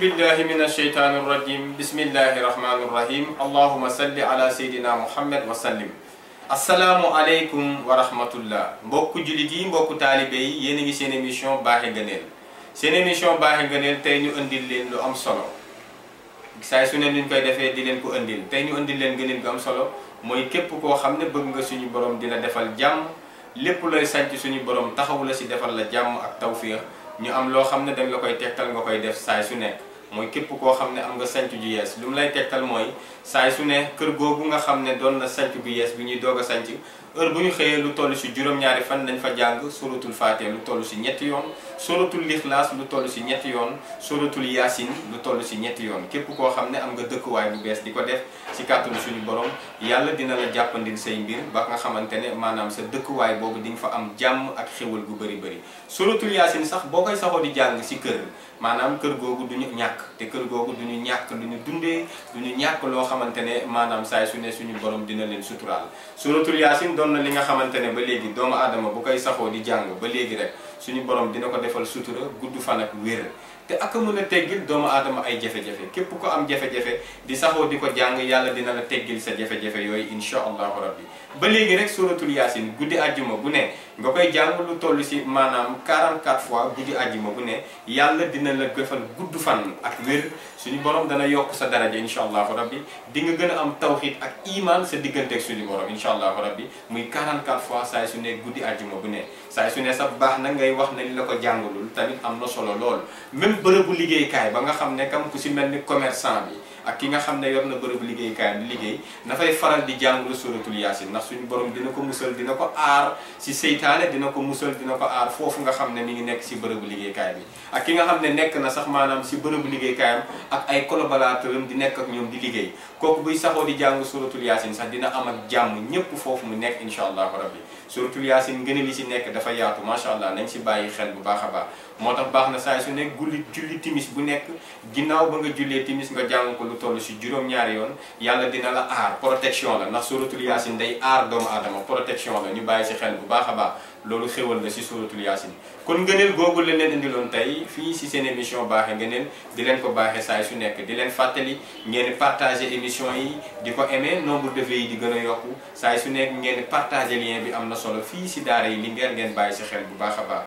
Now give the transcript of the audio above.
بالله من الشيطان الرجيم بسم الله الرحمن الرحيم اللهم صل على سيدنا محمد وسلم assalaamu aleykum wa rahmatullah mbokku jullit yi mbokku taalibe yi yéen a ngi seen émission baaxe ngëneel seen émission baaxe ngëneel tey ñu indil leen lu am solo saay su ne ñu koy defee di leen ko indil tey ñu indil leen ngëneel gu am solo mooy képp koo xam ne bëgg nga suñu borom dina defal jàmm lépp looy sànc suñu borom taxawu la si defal la jàmm ak tawfiix ñu am loo xam ne dañ la koy tegtal nga koy def saay su nekk mooy képp koo xam ne am nga sanc ju yees lu mu lay tegtal mooy saay su ne kër googu nga xam ne doon na sanc bu yees bi ñuy doog a sanc heure bu ñu xëyee lu toll si juróom-ñaari fan lañ fa jàng suratul faatiha lu toll si ñetti yoon su lixlaas lu toll si ñetti yoon suratul yaasin lu toll si ñetti yoon képp koo xam ne am nga dëkkuwaay bu bees di ko def si kàttanu suñu borom yàlla dina la jàppandil say mbir ba nga xamante ne maanaam sa dëkkuwaay boobu di nga fa am jàmm ak xéwal gu bëri bëri suratul yaasin sax boo koy saxoo di jàng si kër maanaam kër googu duñu ñàkk ñàkk te kër googu du ñu ñàkk lu ñu dundee du ñu ñàkk loo xamante ne maanaam saay su ne suñu borom dina leen suturaal suratul yaasin doon na li nga xamante ne ba léegi doomu aadama bu koy saxoo di jàng ba léegi rek suñu boroom dina ko defal sutura gudd fan ak wér te ak mën a doomu aadama ay jafe képp ko am jafe di saxoo di ko jàng yàlla dina la teggil sa jafe yooyu incha allahu ba léegi rek suratul yaasin guddi àjjuma bu ne nga koy jàng lu toll si maanaam 44 fois guddi àjjuma bu ne yàlla dina la defal gudd fan ak wér suñu borom dana yokk sa daraja incha allahu rabbi di nga gën a am tawxiid ak iman sa digganteeg suñu borom incha allahu rabbi muy 44 fois saa su ne guddi àjjuma bu ne saay su ne sax baax na ngay wax nañ la ko jàngalul tamit am na solo lool même bërëbu liggéeykaay ba nga xam ne kam ku si mel ni commerçant bi ak ki nga xam ne yor na bërëbu liggéeykaay di liggéey dafay faral di jàngalu suratul yaasin ndax suñu borom dina ko musal dina ko aar si seytaane dina ko musal dina ko foofu nga xam ne mi ngi nekk si bërëbu liggéeykaay bi ak ki nga xam ne nekk na sax maanaam si bërëbu liggéeykaayam ak ay collaborateuram di nekk ak ñoom di liggéey kooku buy saxoo di jàng suratul yaasin sax dina am ak jàmm ñëpp foofu mu nekk incha allahu nekk fa yaatu macha allah nañ si bàyyi xel bu baax a baax moo tax baax na saay su nekk gulli julli timis bu nekk ginnaaw ba nga jullee timis nga jàng ko lu toll si juróom-ñaari yoon yàlla dina la aar protection la ndax suratul yaasin day aar doomu aadama protection la ñu bàyyi si xel bu baax a baax loolu xéwal na si soo suratul yaasin kon ngëneel googu la leen loon tey fii si seen émission baaxe ngëneel di leen ko baaxe saay su nekk di leen fàttali ngeen partager émission yi di ko aimé nombre defee vues yi di gën a yokku saay su nekk ngeen partage lien bi am na solo fii si daara yi Linguère ngeen bàyyi si xel bu baax a baax